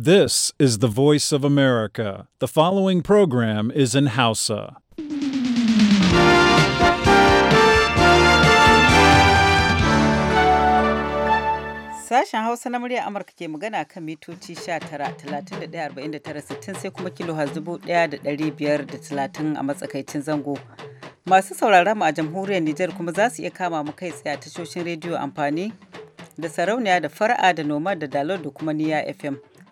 This is the voice of America. The following program is in Hausa. Sashen Hausa na murya Amurka ke magana kan mitoci 19,31,49,60 sai kuma kilo 1,530 a matsakaicin zango. Masu sauraron mu a jamhuriyar Nijar kuma za su iya kama mu kai tsaye a tashoshin rediyo amfani da sarauniya da fara'a da noma da dalo da kuma niya FM.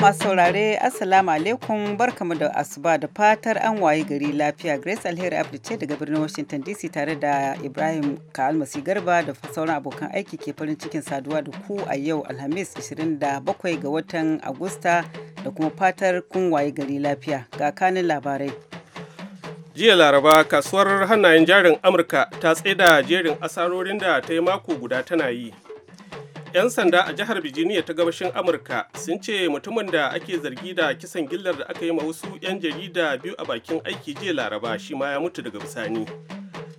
jama'a masu saurare assalamu alaikum barkamu da asuba da fatar an wayi gari lafiya grace alheri abdu ce daga birnin washington dc tare da ibrahim kalmasi garba da sauran abokan aiki ke farin cikin saduwa da ku a yau alhamis 27 ga watan agusta da kuma fatar kun wayi gari lafiya ga kanin labarai jiya laraba kasuwar hannayen jarin amurka ta tsaida jerin asarorin da ta yi mako guda tana yi 'Yan sanda a jihar Virginia ta gabashin Amurka sun ce mutumin da ake zargi da kisan gillar da aka yi ma wasu 'yan jarida biyu a bakin aiki jiya Laraba shi ma ya mutu daga bisani.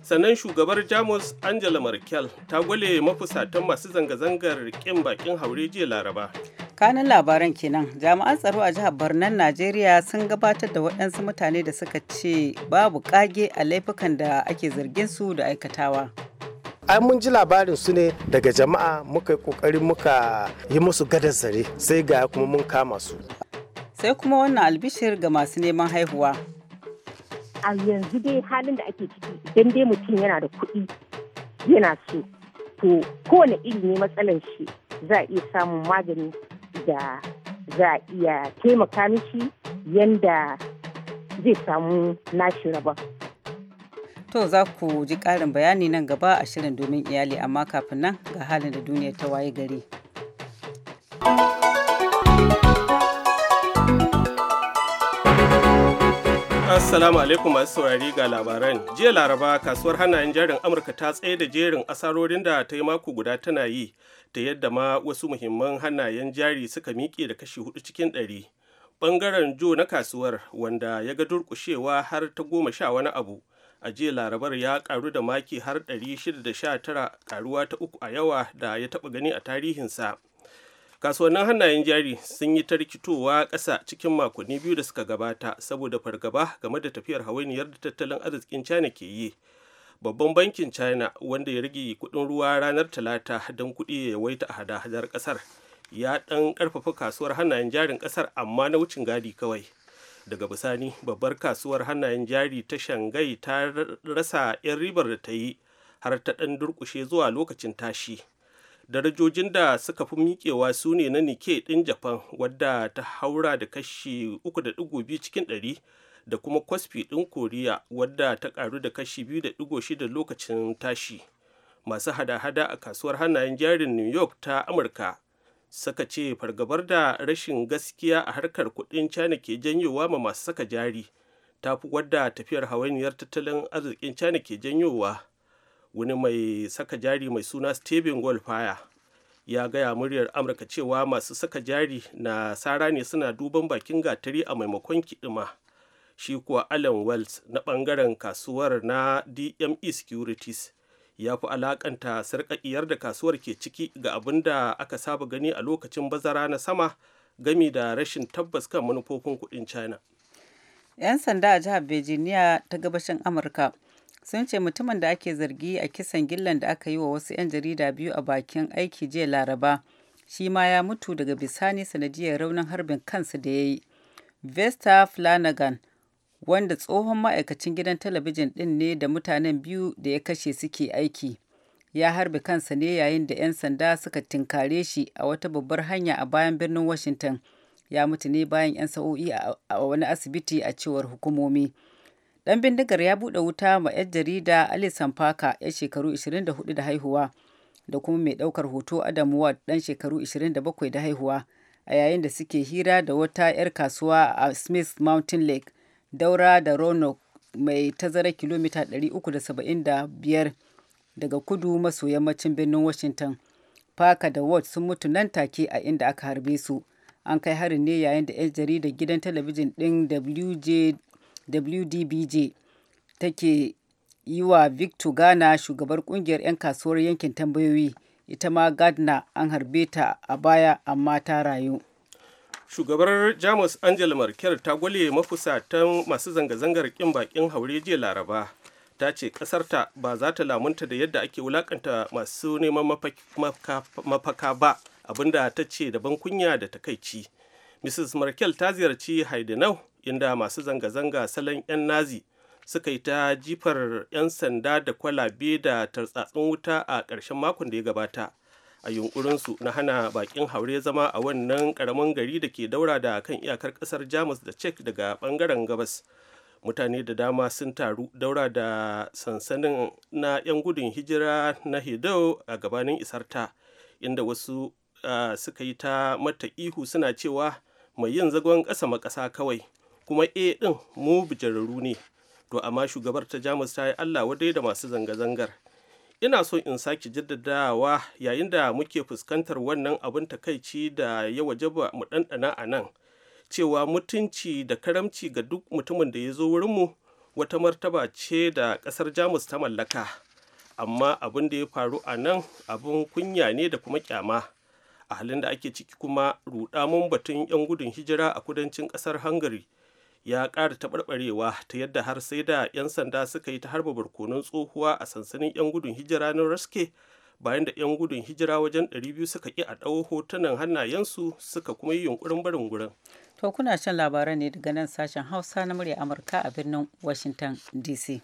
Sannan shugabar Jamus Angela Merkel ta gwale mafusatan masu zanga-zangar kin bakin haure jiya Laraba. Kanin labaran kenan jami'an tsaro a jihar Barnan Najeriya sun gabatar da waɗansu mutane da suka ce babu ƙage a laifukan da ake zargin su da aikatawa. ai mun ji labarin su ne daga jama'a muka yi kokari muka yi musu gadar zare sai ga kuma mun kama su sai kuma wannan albishir ga masu neman haihuwa a yanzu dai halin da ake ciki idan dai mutum yana da kuɗi yana so to kowane iri ne matsalar shi za a iya samun magani da za a iya taimaka mishi yanda zai samu nashi rabon To za ku ji ƙarin bayani nan gaba a shirin domin iyali amma kafin nan ga halin da duniya ta waye gari. Assalamu alaikum masu saurari ga labaran. Jiya Laraba kasuwar hannayen jarin Amurka ta tsaye da jerin asarorin da ta yi mako guda tana yi ta yadda ma wasu muhimman hannayen jari suka miƙe da kashi hudu cikin ɗari. Ɓangaren jo na kasuwar wanda ya ga durƙushewa har ta goma sha wani abu a jiya larabar ya karu da maki har 619 karuwa ta uku a yawa da ya taba gani a tarihinsa kasuwannin hannayen jari sun yi ta rikitowa ƙasa cikin makonni biyu da suka gabata saboda fargaba game da tafiyar hawainiyar da tattalin arzikin china ke yi babban bankin china wanda ya rage kuɗin ruwa ranar talata don kuɗi ya yawaita a hada-hadar ƙasar ya ɗan ƙarfafa kasuwar hannayen jarin ƙasar amma na wucin gadi kawai daga bisani babbar kasuwar hannayen jari ta shangai ta rasa 'yan ribar da ta yi har ta ɗan durkushe zuwa lokacin tashi darajojin da suka fi miƙewa su ne na nike ɗin japan wadda ta haura da kashi 3.2 cikin 100 da kuma kwasfi ɗin koriya wadda ta ƙaru da kashi 2.6 lokacin tashi masu hada-hada a kasuwar hannayen jarin new york ta amurka Saka ce fargabar da rashin gaskiya a harkar kudin china ke janyowa ma masu saka jari ta fi wadda tafiyar hawainiyar tattalin arzikin china ke janyowa wani mai saka jari mai suna steven wolfire ya gaya muryar amurka cewa masu saka jari na sara ne suna duban bakin gatari a maimakon kiɗima shi kuwa alan wells na bangaren kasuwar na dme securities ya fi alakanta sarƙaƙiyar da kasuwar ke ciki ga abin da aka saba gani a lokacin bazara na sama gami da rashin tabbas kan manufofin kuɗin china 'yan sanda a jihar virginia ta gabashin amurka sun ce mutumin da ake zargi a kisan gillan da aka yi wa wasu 'yan jarida biyu a bakin aiki jiya laraba shi ma ya mutu daga bisani sanadiyar raunin harbin kansu da ya yi vesta flanagan wanda tsohon ma'aikacin gidan talabijin ɗin ne da mutanen biyu da ya kashe suke aiki ya harbe kansa ne yayin da 'yan sanda suka tinkare shi a wata babbar hanya a bayan birnin washington ya mutu ne bayan 'yan sa'o'i a wani asibiti a cewar hukumomi dan bindigar ya buɗe wuta ma 'yan jarida alison parker ya shekaru 24 da haihuwa da kuma mai ɗaukar hoto adam ward ɗan shekaru 27 da haihuwa a yayin da suke hira da wata 'yar kasuwa a smith mountain lake daura da roanoke mai tazara kilomita 375 daga kudu maso yammacin birnin washington faka da ward sun mutu nan take a inda aka harbe su an kai harin ne yayin da 'yan jaridar gidan talabijin din wdbj take yi wa victor ghana shugabar kungiyar 'yan kasuwar yankin tambayoyi ita ma gardner an harbe ta a baya amma ta rayu shugabar jamus angela merkel ta gwale mafusatan masu zanga-zangar kin bakin haure jiya laraba ta ce kasarta ba za ta lamunta da yadda ake wulakanta masu neman mafaka ba abinda ta ce da kunya da takaici mrs merkel ta ziyarci haidenau inda masu zanga-zanga salon 'yan nazi suka yi ta jifar 'yan sanda da kwalabe da tartsatsin wuta a ƙarshen makon da ya gabata a yunkurinsu na hana bakin haure zama a wannan karamin gari da ke daura da kan iyakar kasar jamus da czech daga bangaren gabas mutane da dama sun taru daura da sansanin na 'yan gudun hijira na hidau a gabanin isarta inda wasu uh, suka yi ta mata ihu suna cewa mai yin zagon ƙasa makasa kawai kuma e eh din mu bijararru ne to amma shugabar ta jamus ta yi allah wadai da masu zanga-zangar ina so in sake jaddadawa yayin da muke fuskantar wannan abin takaici da ya wajaba mu ɗanɗana a nan cewa mutunci da karamci ga duk mutumin da ya zo wurinmu wata martaba ce da ƙasar jamus ta mallaka amma abin da ya faru a nan abin kunya ne da kuma kyama a halin da ake ciki kuma rudamun batun 'yan gudun hijira a kudancin ƙasar Hangari. ya ƙara taɓarɓarewa ta yadda har sai da 'yan sanda suka yi ta harba barkonon tsohuwa a sansanin 'yan gudun hijira na raske bayan da 'yan gudun hijira wajen 200 suka ƙi a ɗau hotunan hannayensu suka kuma yi yunkurin barin gurin. To kuna shan labaran ne daga nan sashen Hausa na murya Amurka a birnin Washington DC.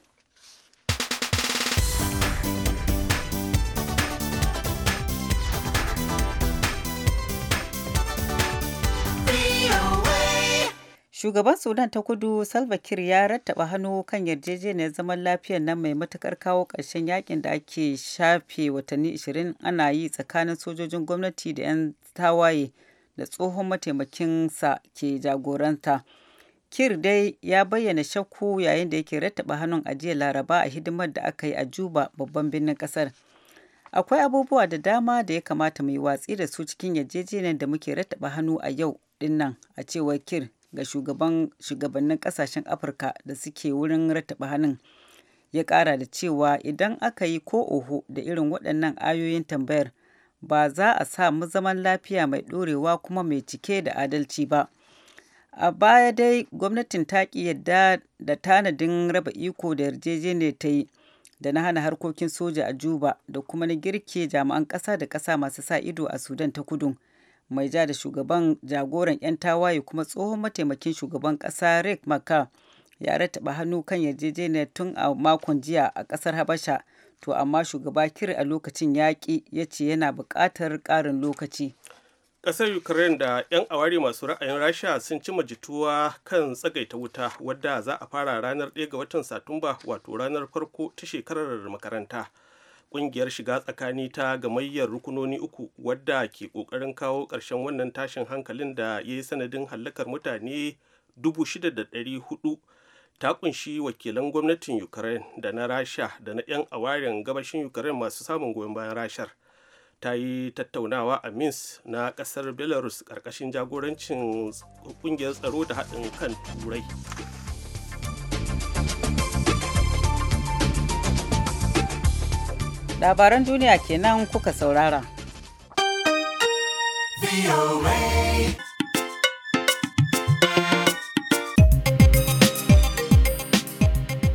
Shugaban Sudan ta kudu Salva Kiir ya rattaba hannu kan yarjejeniyar zaman lafiyar nan mai matukar kawo ƙarshen yakin da ake shafe watanni 20 ana yi tsakanin sojojin gwamnati da 'yan tawaye da tsohon mataimakin sa ke jagoranta. Kir dai ya bayyana shakku yayin da yake rattaba hannun ajiyar Laraba a hidimar da aka yi a Juba babban birnin kasar. Akwai abubuwa da dama da ya kamata mu yi watsi da su cikin yarjejeniyar da muke rattaba hannu a yau dinnan a cewar Kir ga shugabannin kasashen afirka da suke wurin rattaba hannun ya kara da cewa idan aka yi ko oho da irin waɗannan ayoyin tambayar ba za a samu zaman lafiya mai ɗorewa kuma mai cike da adalci ba a baya dai gwamnatin ta ƙi yadda da tanadin raba iko da yarjejeniyar ta yi da na hana harkokin soja a juba da kuma na girke jami'an ƙasa da ƙasa masu sa ido a sudan ta kudu mai ja da shugaban jagoran 'yan tawaye kuma tsohon mataimakin shugaban ƙasa rick maka ya rattaba hannu kan yarjejeniyar tun a makon jiya a ƙasar habasha to amma shugaba kir a lokacin yaƙi ya ce yana buƙatar ƙarin lokaci ƙasar ukraine da 'yan awari masu ra'ayin rasha sun cima jituwa kan tsagaita wuta wadda za a fara ranar 1 ga watan satumba wato ranar farko ta shekarar makaranta kungiyar shiga tsakani ta gamayyar rukunoni uku wadda ke kokarin kawo ƙarshen wannan tashin hankalin da ya yi sanadin hallakar mutane 6,400 ta kunshi wakilan gwamnatin ukraine da na rasha da na 'yan awarin gabashin ukraine masu samun goyon bayan rashar ta yi tattaunawa a minsk na kasar belarus ƙarƙashin jagorancin kungiyar tsaro da haɗin kan turai labaran duniya kenan kuka saurara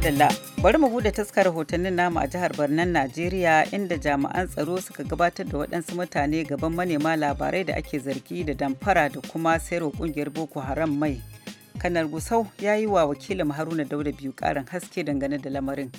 Dalla bari mu bude taskar rahotannin namu a jihar Barnan Najeriya inda jami'an tsaro suka gabatar da waɗansu mutane gaban manema labarai da ake zargi da damfara da kuma sayarwa kungiyar Boko Haram mai. Kanar Gusau ya yi wa wakilin Haruna Dauda biyu ƙarin haske dangane da lamarin.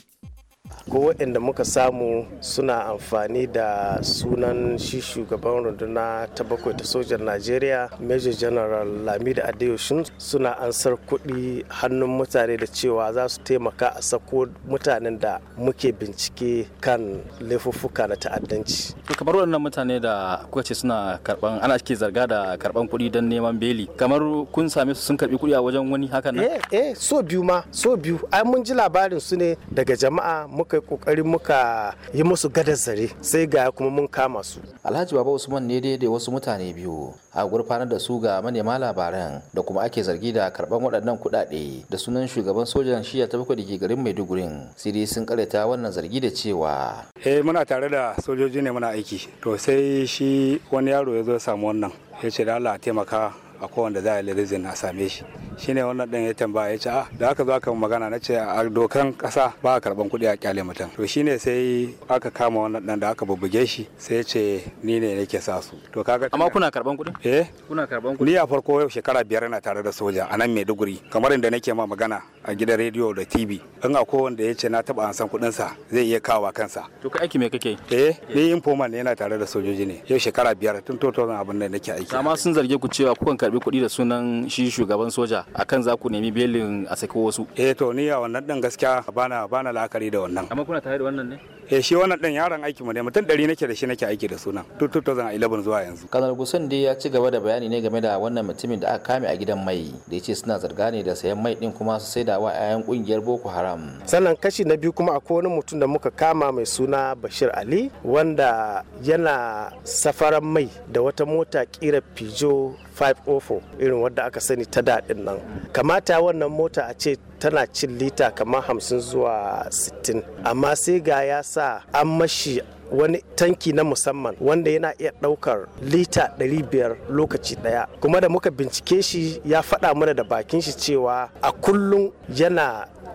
ko waɗanda muka samu suna amfani da sunan shi shugaban runduna ta bakwai ta sojan najeriya major general lamidu adeoshun suna ansar kuɗi hannun mutane da cewa za su taimaka a sako mutanen da muke bincike kan laifuffuka na ta'addanci kamar waɗannan mutane da kuka ce suna karban ana ke zarga da karban kuɗi don neman beli kamar kun same su sun karbi kuɗi a wajen wani hakan nan eh eh so biyu ma so biyu ai mun ji labarin su ne daga jama'a muka yi kokari muka yi musu gadar zare sai ga kuma mun kama su alhaji baba usman ne dai da wasu mutane biyu a gurfanar da su ga manema labaran da kuma ake zargi da karban waɗannan kuɗaɗe da sunan shugaban sojan shiya ta bakwai da ke garin maiduguri sai dai sun karyata wannan zargi da cewa eh muna tare da sojoji ne muna aiki to sai shi wani yaro ya zo ya samu wannan ya ce da Allah a taimaka A kowanne za a yi a same shi shine wannan ɗan ya tambaya ya ce a ah, da aka zo aka magana na ce a dokan ƙasa ba a karɓan kuɗi a kyale mutum to shine sai aka kama wannan ɗan da aka bubbuge shi sai ce ni ne nake sa su to kaga amma kuna karɓan kuɗi eh kuna karɓan kuɗi ni a farko yau shekara biyar na tare da soja a nan Maiduguri kamar inda nake ma magana a gidan rediyo da TV in a kowanne ya ce na taɓa ansan kuɗinsa zai iya kawo kansa to ka aiki me kake eh ni informant ne yana tare da sojoji ne yau shekara biyar tun 2000 abin da nake aiki amma sun zarge ku cewa kukan karbi kuɗi da sunan shi shugaban soja akan za ku nemi belin a saki wasu eh to ni a wannan din gaskiya bana bana la'akari da wannan amma kuna tare da wannan ne eh shi wannan din yaron aiki mu ne mutum ɗari nake da shi nake aiki da sunan tun 2011 zuwa yanzu kanar gusan dai ya ci gaba da bayani ne game da wannan mutumin da aka kame a gidan mai da yace suna zarga ne da sayan mai din kuma su saida wa 'ya'yan kungiyar boko haram sannan kashi na biyu kuma akwai wani mutum da muka kama mai suna bashir ali wanda yana safaran mai da wata mota kira pijo 504 irin wadda aka sani ta daɗin nan kamata wannan mota a ce tana cin lita kamar hamsin zuwa 60 amma sai ga ya sa an mashi wani tanki na musamman wanda yana iya ɗaukar lita 500 lokaci ɗaya kuma da muka bincike shi ya faɗa mana da bakin shi cewa a kullum yana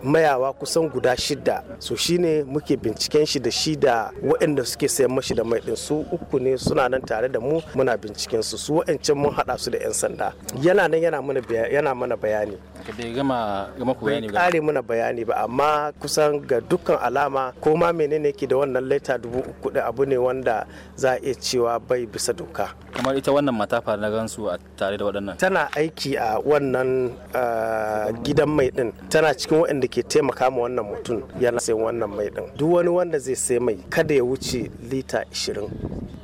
mayawa kusan guda shida so shine muke binciken shi da shi da waɗanda suke sayan mashi da mai su uku ne suna nan tare da mu muna binciken su su waɗancan mun haɗa su da 'yan sanda yana nan yana mana bayani ka bai gama gama ku bayani ba kare muna bayani ba amma kusan ga dukkan alama ko ma menene ke da wannan laita dubu uku da abu ne wanda za a iya cewa bai bisa doka kamar ita wannan mata na gansu a tare da waɗannan tana aiki a wannan gidan mai din tana cikin waɗanda ke taimaka ma wannan mutum yana sayan wannan mai din duk wani wanda zai sai mai kada ya wuce lita 20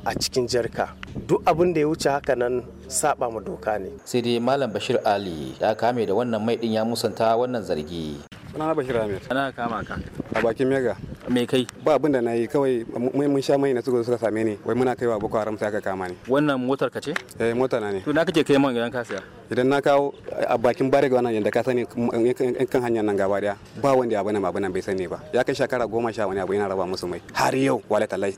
a cikin jarka duk abin da ya wuce haka nan saba ma doka ne sai dai malam bashir ali ya kame da wannan mai din ya musanta wannan zargi sunana bashir ahmed ana kama ka a bakin mega me kai ba abin da na yi kawai mai mun sha mai na suka suka same ni wai muna kaiwa boko haram sai aka kama ni wannan motar ka ce eh mota na ne to na kake kai man idan ka siya idan na kawo a bakin bare wannan yanda ka sani kan hanyar nan gaba daya ba wanda ya bani abin nan bai sani ba ya kai shekara goma sha wani abu yana raba musu mai har yau wallahi talai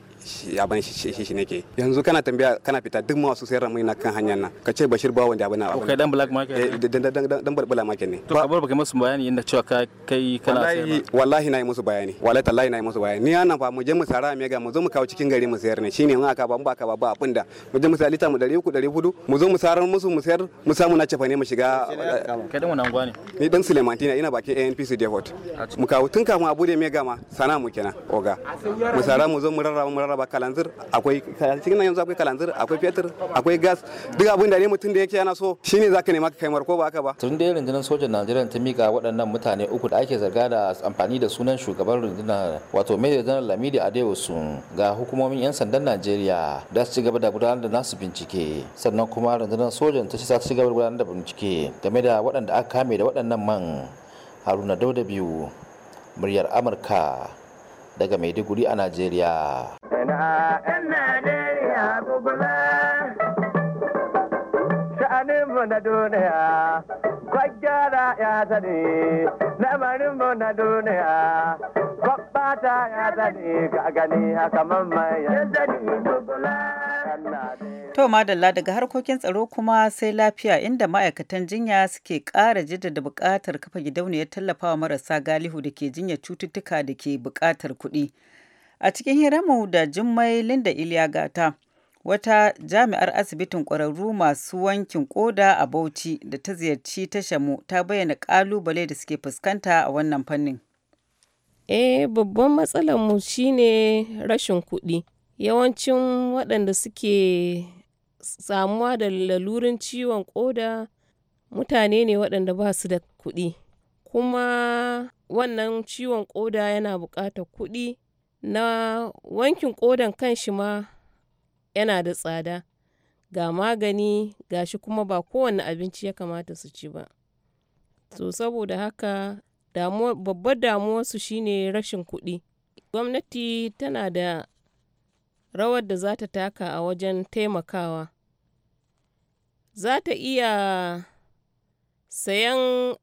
ya bani shi shi nake yanzu kana tambaya kana fita duk masu sayar mai na kan hanyar nan ka ce bashir ba wanda ya bani abin kai dan black market eh, dan dan dan black market ne to ka bar baka musu bayani yanda cewa kai kana sayar wallahi na yi musu bayani wallahi talai na yi musu bayani ya nan fa mu je mu sara mega mu zo mu kawo cikin gari mu sayar ne shine in aka ba mu ba ka ba ba abin da mu je mu sayar lita mu 300 400 mu zo mu sarar musu mu sayar mu samu na cefane mu shiga kai dan wannan gwani ni dan Sulemantina ina bakin ANPC Depot mu kawo tun kafin a bude mega ma sana mu kenan oga mu sara mu zo mu rarraba mu rarraba kalanzir akwai cikin nan yanzu akwai kalanzir akwai fetur akwai gas duk abin da ne mutun da yake yana so shine zaka nema kai marko ba haka ba tun da rundunar sojan Najeriya ta mika waɗannan mutane uku da ake zarga da amfani da sunan shugaban rundunar wato mai brigadier general lamidi adeosun ga hukumomin 'yan sandan najeriya da su ci gaba da gudanar da nasu bincike sannan kuma rundunar sojan ta ci za su ci gaba da gudanar da bincike game da waɗanda aka kame da waɗannan man haruna dauda biyu muryar amurka daga maiduguri a najeriya na duniya ya sani na duniya ta ya zane ga daga harkokin tsaro kuma sai lafiya inda ma'aikatan jinya suke ƙara jaddada bukatar kafa gidauniyar tallafawa marasa galihu da ke jinya cututtuka da ke bukatar kuɗi. A cikin hiramu da Jummai Linda Iliya Gata, wata jami'ar asibitin ƙwararru masu wankin ƙoda a Bauchi da ta ziyarci tashamu ta bayyana ƙalubale da suke fuskanta a wannan fannin. Eh, babban matsalarmu shi ne rashin kuɗi. Yawancin waɗanda suke samuwa da lalurin ciwon ƙoda mutane ne waɗanda ba su da kuɗi. Kuma wannan ciwon ƙoda yana buƙatar kuɗi na wankin ƙodan shi ma yana da tsada. Ga magani ga shi kuma ba kowane abinci ya kamata su ci ba. To saboda haka babbar damuwarsu shine rashin kuɗi gwamnati tana da rawar da za ta taka a wajen taimakawa za ta iya sayan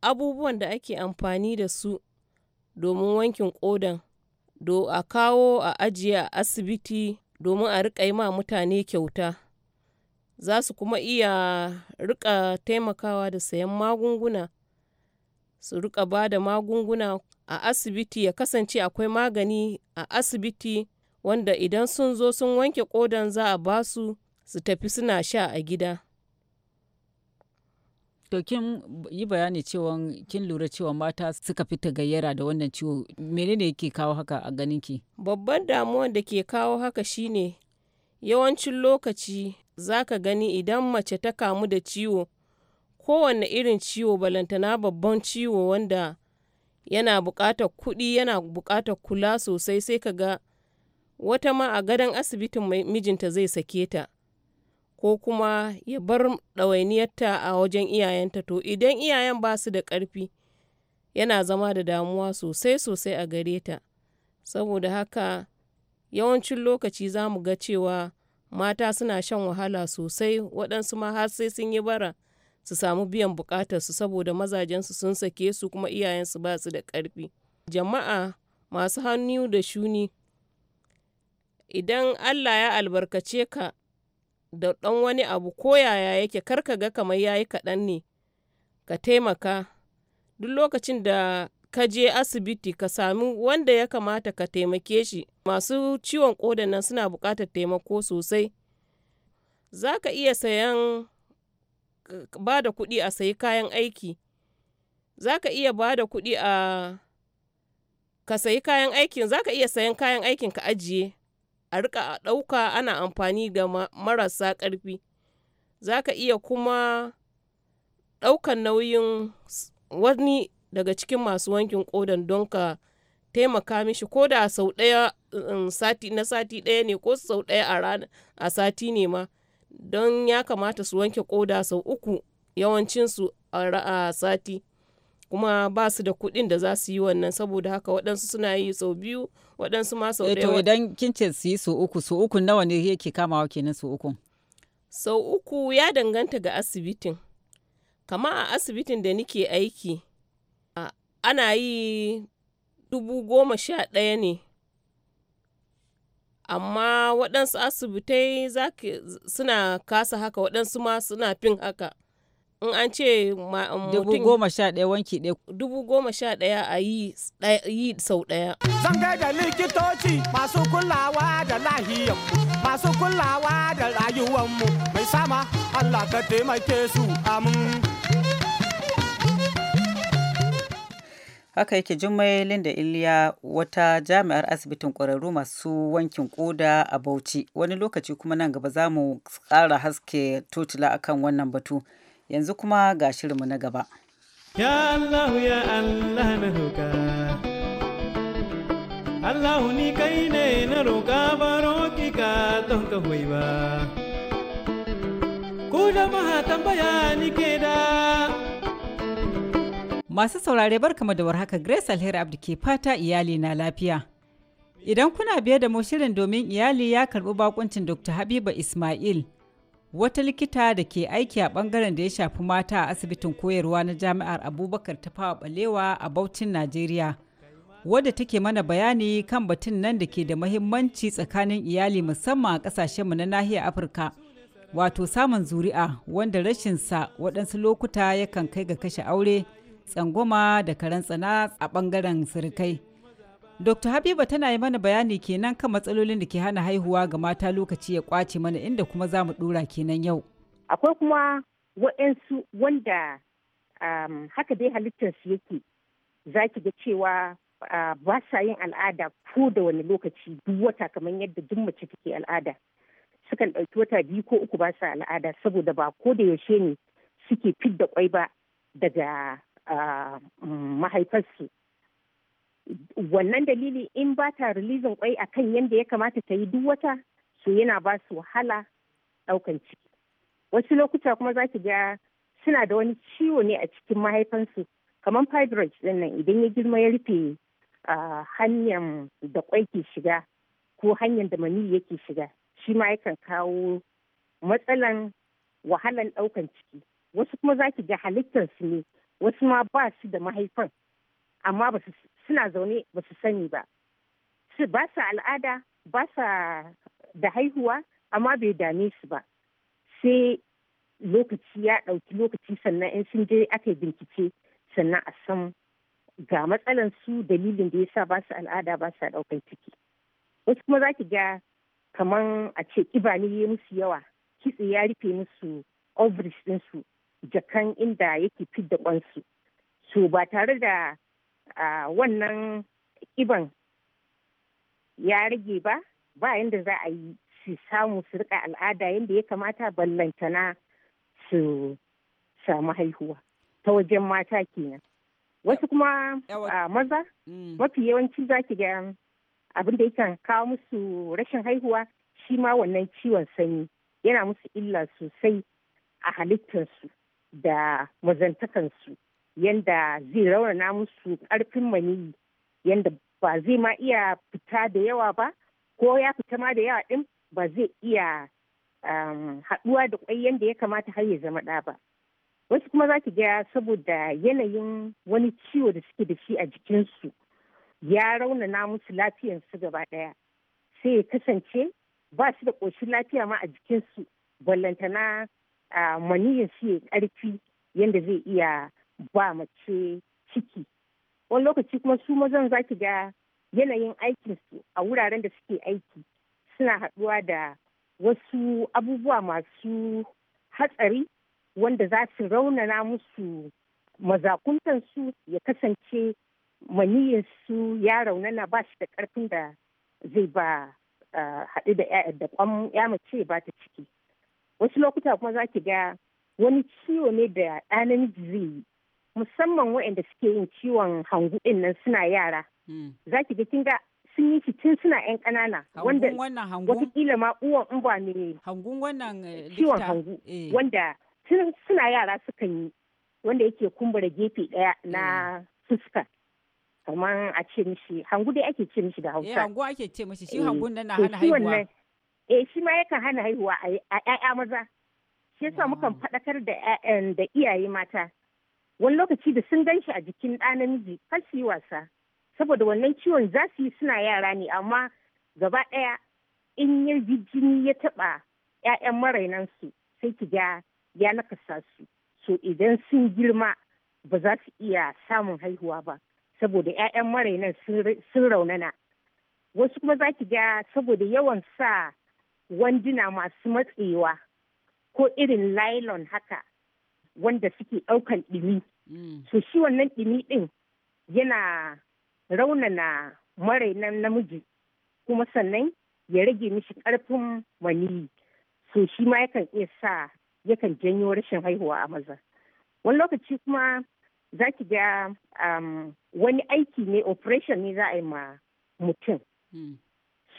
abubuwan da ake amfani da su domin wankin ƙodan do a kawo a ajiye a asibiti domin a riƙa yi ma mutane kyauta za su kuma iya riƙa taimakawa da sayan magunguna su rika ba da magunguna a asibiti ya kasance akwai magani a asibiti wanda idan sun zo sun wanke kodan za a ba su su tafi suna sha a gida to kin yi bayani cewa kin lura cewa mata suka fi gayyara da wannan ciwo menene yake kawo haka a ganinki babban damuwan da ke kawo haka shine yawancin lokaci za ka gani idan mace ta kamu da ciwo kowanne irin ciwo balantana babban ciwo wanda yana buƙatar kuɗi yana buƙatar kula sosai sai ka ga wata ma a gadon asibitin mijinta zai sake ta ko kuma ya bar ɗawainiyarta a wajen iyayenta to idan iyayen ba su da ƙarfi yana zama da damuwa sosai sosai a gare ta saboda haka yawancin lokaci za mu ga cewa mata suna shan wahala sosai waɗansu ma har sai sun yi bara su samu biyan su, saboda mazajensu sun sake su kuma iyayensu ba su da ƙarfi. Jama'a masu hannu da shuni, idan Allah ya albarkace ka da ɗan wani abu ko yaya yake karka ga kamar ya yi kaɗan ne, ka taimaka duk lokacin da ka je asibiti ka sami wanda ya kamata ka taimake shi masu ciwon ƙodan nan suna buƙatar taimako sosai za ka iya sayan ba da kuɗi a sayi kayan aiki za ka iya ba da kuɗi a ka sayi kayan aikin za ka iya sayan kayan aikin ka ajiye a rika a ɗauka ana amfani da marasa ƙarfi za ka iya kuma ɗaukan nauyin wani daga cikin masu wankin ƙodan don ka taimaka mishi ko da sau ɗaya um, na sati ɗaya ne ko sau ɗaya a sati ne ma don ya kamata su wanke koda sau uku yawancinsu a sati kuma ba su da kuɗin da za su yi wannan saboda haka waɗansu suna yi sau biyu waɗansu ma sau eh, ɗaya. to idan kin ce su yi sau uku sau uku nawa ne yake kamawa kenan sau uku. sau uku ya danganta ga asibitin kama a asibitin da nike aiki ana yi dubu goma sha ɗaya ne amma waɗansu asibitai suna kasa haka waɗansu ma suna fin haka in an ce um, dubu goma sha ɗaya wanki ɗaya dubu goma sha ɗaya a yi sau ɗaya zan kai da likitoci masu kulawa da lahiyar masu kulawa da rayuwanmu mai sama allah ka taimake su amin Haka yake Jummai Linda Iliya wata jami'ar asibitin ƙwararru masu wankin ƙoda a Bauchi. Wani lokaci kuma nan gaba za mu ƙara haske totula akan wannan batu. Yanzu kuma ga shirinmu na gaba. Ya Allah ya Allah na roƙa. Allah ni kai ne na roƙa ba ka don ka ba. Ku tambaya ni ke da. Masu saurare barkama da warhaka Grace Alheri Abdu ke fata iyali na lafiya. Idan kuna biye da mu shirin domin iyali ya karbi bakuncin Dr. Habiba Ismail, wata likita da ke aiki a bangaren da ya shafi mata a asibitin koyarwa na Jami'ar Abubakar ta fawa balewa a Bauchin Najeriya. Wadda take mana bayani kan batun nan da ke da mahimmanci tsakanin iyali musamman a mu na nahiyar Afirka. Wato samun zuri'a wanda rashinsa waɗansu lokuta yakan kai ga kashe aure. tsangwama da karen tsana a bangaren sirikai. Dr. Habiba tana yi mana bayani kenan kan matsalolin da ke hana haihuwa ga mata lokaci ya kwace mana inda kuma za mu dora kenan yau. Akwai kuma wa'yansu wanda um, haka dai halittarsu yake zaki ki ga cewa uh, ba sa yin al'ada ko da wani lokaci duk wata kamar yadda duk mace take al'ada. Sukan ɗauki wata biyu ko uku ba sa al'ada saboda ba ko da yaushe ne suke fidda kwai ba daga Mm, mahaifarsu wannan dalili in ba ta rilizin kwai a kan yadda ya kamata ta yi duk wata su yana ba su wahala daukan ciki wasu lokuta kuma za ki ga suna da wani ciwo ne a cikin mahaifansu kamar fibroid din idan ya girma ya rufe hanyar da kwai ke shiga ko hanyar da mani yake shiga shi ma yakan kawo matsalan wahalan ɗaukan ciki wasu kuma za ki ga halittarsu ne wasu ma ba su da mahaifan amma suna zaune ba su sani ba su ba su al'ada ba su da haihuwa amma bai dame su ba sai lokaci ya ɗauki lokaci sannan in sun je aka bincike sannan a san ga matsalan su dalilin da ya sa ba su al'ada ba su ɗaukan ciki wasu kuma za ki ga kamar a ce ƙiba ne ya musu yawa kitse ya rufe musu ovaries su. jakan inda yake fidda kwansu so ba tare da wannan kiban ya rage ba ba yadda za a yi su samu su rika al'ada yadda ya kamata ballantana su samu haihuwa ta wajen mata kenan wasu kuma maza mm. mafi yawanci za ki ga abin da yake kawo musu rashin haihuwa shi ma wannan ciwon sanyi yana musu illa sosai a halittarsu da mazantakansu yanda zai raunana musu karfin maniyi yanda ba zai ma iya fita da yawa ba ko ya fita ma da yawa din ba zai iya um, haɗuwa da kwai yanda ya kamata har ya zama ɗa ba wasu kuma za ki ga saboda yanayin wani ciwo da suke da shi a jikinsu ya raunana musu lafiyansu gaba ɗaya sai ya kasance ba su da ƙoshin lafiya ma a jikinsu ballantana maniyan shi ya karfi yadda zai iya ba mace ciki wani lokaci kuma su mazan za ki ga yanayin aikinsu a wuraren da suke aiki suna haɗuwa da wasu abubuwa masu hatsari wanda za su raunana musu mazakuntansu ya kasance maniyinsu ya raunana ba shi da ƙarfin da zai ba haɗu da ya mace ba ta ciki wasu lokuta kuma za ki ga wani ciwo ne da ɗa namiji zai yi musamman waɗanda suke yin ciwon hangu ɗin nan suna yara hmm. za ki ga kin ga sun yi shi tun suna 'yan ƙanana wanda watakila ma uwan in ba ne eh, ciwon hangu eh. wanda tun suna yara sukan yi wanda yake kumbura gefe ɗaya na hmm. fuska kamar a ce mishi hangu dai ake ce mishi da eh, hausa. Eh hangu ake ce mishi shi hangun nan na hana haihuwa. eh shi ma yakan hana haihuwa a ƴaƴa maza shi yasa ah. mukan faɗakar da ƴaƴan da iyaye mata wani lokaci da sun gan shi a jikin ɗa namiji kar su yi wasa saboda wannan ciwon za su yi suna yara ne amma gaba ɗaya in ya jini ya taɓa ƴaƴan marainan su sai ki ga ya nakasa su so idan sun girma ba za su iya samun haihuwa ba saboda ƴaƴan marainan sun raunana wasu kuma za ki ga saboda yawan sa wanduna masu matsewa ko irin nylon haka wanda suke ɗaukan ɗumi. Mm. So shi wannan ɗumi ɗin yana raunana marai namiji kuma sannan ya rage mishi ƙarfin maniyi. So shi ma yakan iya sa yakan janyo rashin haihuwa a maza. Wani lokaci kuma za ki ga um, wani aiki ne operation ne za a yi ma mutum. Mm.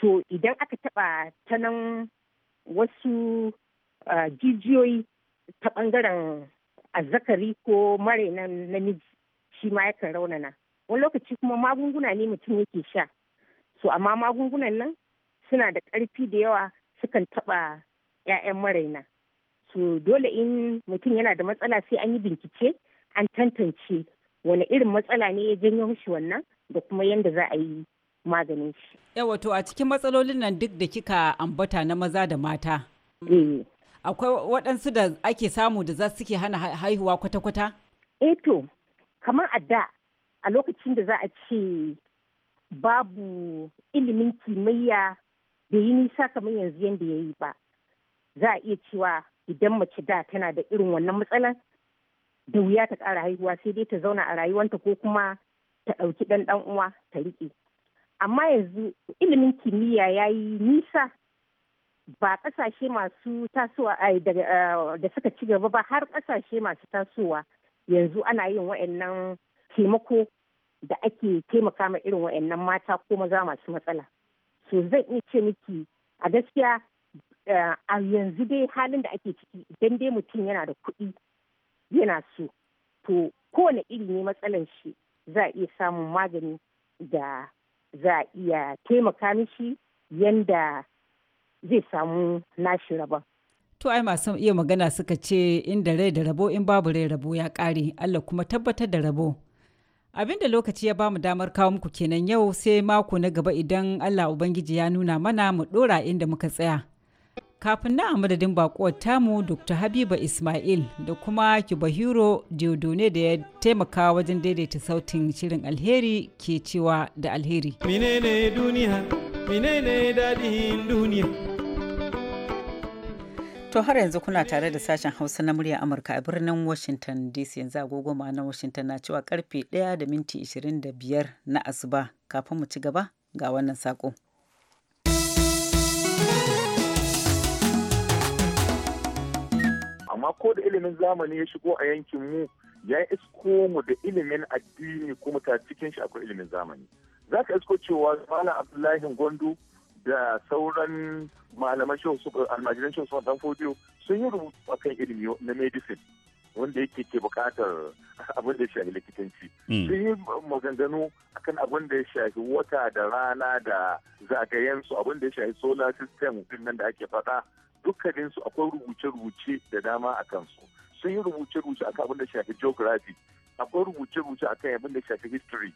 to idan aka taɓa ta nan wasu jijiyoyi ta ɓangaren azzakari ko mare na namiji shi ma yakan raunana wani lokaci kuma magunguna ne mutum yake sha so amma magungunan nan suna da ƙarfi da yawa sukan taɓa 'ya'yan maraina so dole in mutum yana da matsala sai an yi bincike an tantance wani irin matsala ne ya janyo shi wannan da kuma yadda za a yi maganin Yawa to a cikin matsalolin nan duk da kika ambata na maza da mata. Eh. Akwai waɗansu da ake samu da za su ke hana haihuwa kwata-kwata? Eh to, kamar a da a lokacin da za a ce babu ilimin kimiyya bai yi nisa kamar yanzu yadda ya yi ba. Za a iya cewa idan mace da tana da irin wannan matsalar da wuya ta ƙara haihuwa sai dai ta zauna a rayuwanta ko kuma ta ɗauki ɗan ɗan uwa ta riƙe amma yanzu ilimin kimiyya ya yi nisa ba kasashe masu tasowa eh, da suka ci gaba ba har kasashe masu tasowa yanzu ana yin wa'annan taimako da ake taimaka ma irin wa'annan mata ko maza masu matsala so zan iya ce miki a gaskiya eh, a yanzu dai halin da ake ciki idan dai mutum yana da kuɗi yana so to kowane iri ne matsalan shi za a iya samun magani da za a iya taimaka mishi yanda zai samu nashi rabon. To ai masu iya magana suka ce inda rai da rabo in babu rai rabo ya ƙare Allah kuma tabbatar da rabo. abinda lokaci ya bamu damar kawo muku kenan yau sai mako na gaba idan Allah Ubangiji ya nuna mana mu ɗora inda muka tsaya. kafin na a madadin bakuwar tamu dr habiba ismail da kuma kibahiro diodone da ya taimaka wajen daidaita sautin shirin alheri ke cewa da alheri menene duniya menene daɗin duniya To har yanzu kuna tare da sashen Hausa na murya Amurka a birnin Washington DC yanzu agogo ma'anar Washington na cewa karfe 1 da minti 25 na asuba kafin mu ci gaba ga wannan sako. amma ko da ilimin zamani ya shigo a yankin mu ya isko mu da ilimin addini kuma ta cikin shi akwai ilimin zamani za ka isko cewa malam abdullahi gondu da sauran malaman shehu almajiran su sun fodiyo sun yi rubutu akan ilimi na medicine wanda yake ke bukatar abin da ya shafi likitanci hmm. sun yi maganganu akan abin da ya shafi wata da rana da zagayensu abin da ya shafi solar system din nan da ake faɗa dukkaninsu akwai rubuce-rubuce da dama a kansu sun yi rubuce-rubuce akan abin da shafi geography akwai rubuce-rubuce akan abin da shafi history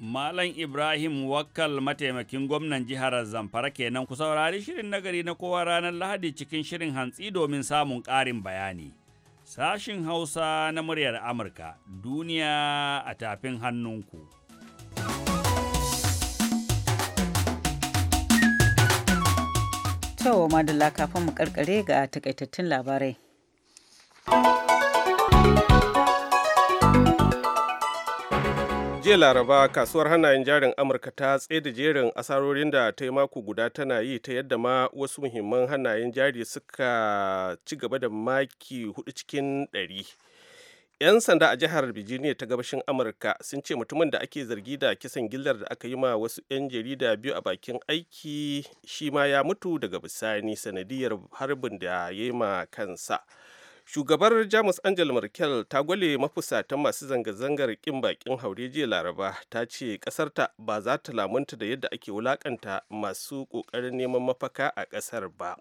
Malam Ibrahim Wakkal mataimakin gwamnan jihar Zamfara kenan ku saurari shirin nagari na kowa ranar Lahadi cikin shirin hantsi domin samun ƙarin bayani. Sashin Hausa na muryar Amurka, duniya a tafin hannunku. To madalla kafin mu karkare ga takaitattun labarai. jiya laraba kasuwar hannayen jarin amurka ta tsaida jerin asarorin da ta yi mako guda tana yi ta yadda ma wasu muhimman hannayen jari suka ci gaba da maki hudu cikin ɗari. 'yan sanda a jihar virginia ta gabashin amurka sun ce mutumin da ake zargi da kisan gillar da aka yi ma wasu 'yan jarida biyu a bakin aiki shi ma ya mutu daga bisani sanadiyar harbin da ya yi ma kansa shugabar jamus angela merkel ta gwale mafusatan masu zanga-zangar kin bakin haure jiya laraba ta ce kasarta ba za ta lamunta da yadda ake wulakanta masu kokarin neman mafaka a kasar ba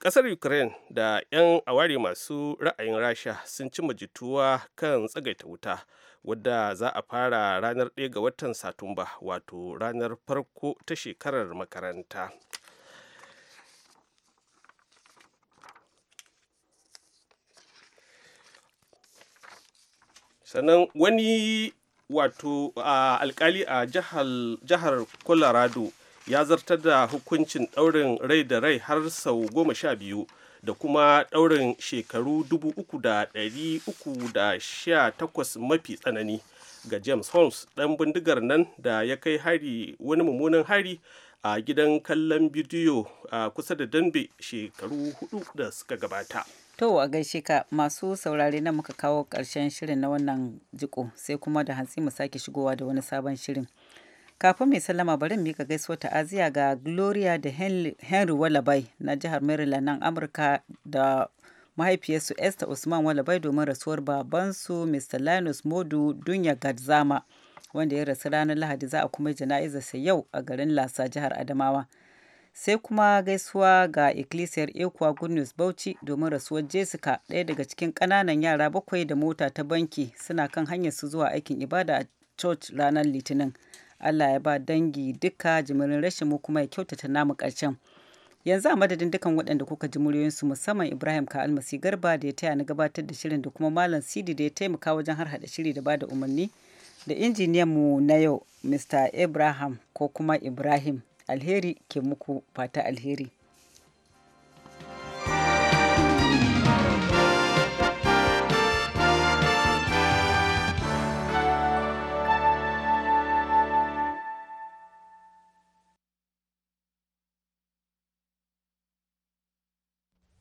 kasar ukraine da 'yan aware masu ra'ayin rasha sun ci jituwa kan tsagaita wuta wadda za a fara ranar 1 ga watan satumba wato ranar farko ta shekarar makaranta sannan wani wato alkali a jihar colorado ya zartar da hukuncin ɗaurin rai da rai har sau goma sha biyu da kuma ɗaurin shekaru dubu uku da ɗari uku da sha takwas mafi tsanani ga james holmes ɗan bindigar nan da ya kai hari wani mummunan hari a gidan kallon bidiyo a kusa da dambe shekaru hudu da suka gabata To a gaishe ka masu saurare na muka kawo ƙarshen shirin na wannan jiko sai kuma da hantsi mu sake shigowa da wani sabon shirin. kafin mai sallama bari mu ka gaisuwar ta'aziya ga gloria da henry walabai na jihar maryland nan amurka da mahaifiyarsu esther usman walabai domin rasuwar babansu mr linus modu dunya gadzama wanda ya rasu ranar lahadi za a kuma jana'izarsa yau a garin lasa jihar adamawa sai kuma gaisuwa ga ikkilisiyar ekuwa good bauchi domin rasuwar jessica ɗaya daga cikin ƙananan yara bakwai da mota ta banki suna kan hanyar su zuwa aikin ibada a church ranar litinin Allah ya ba dangi duka jimirin rashin mu kuma ya kyautata namu karshen Yanzu a madadin dukan waɗanda kuka ji muryoyinsu musamman Ibrahim Ka Almasi Garba da ya taya na gabatar da shirin da kuma Malam Sidi da ya taimaka wajen har hada shiri da bada umarni da injiniyan mu na yau Mr. ibrahim ko kuma Ibrahim Alheri ke muku fata alheri.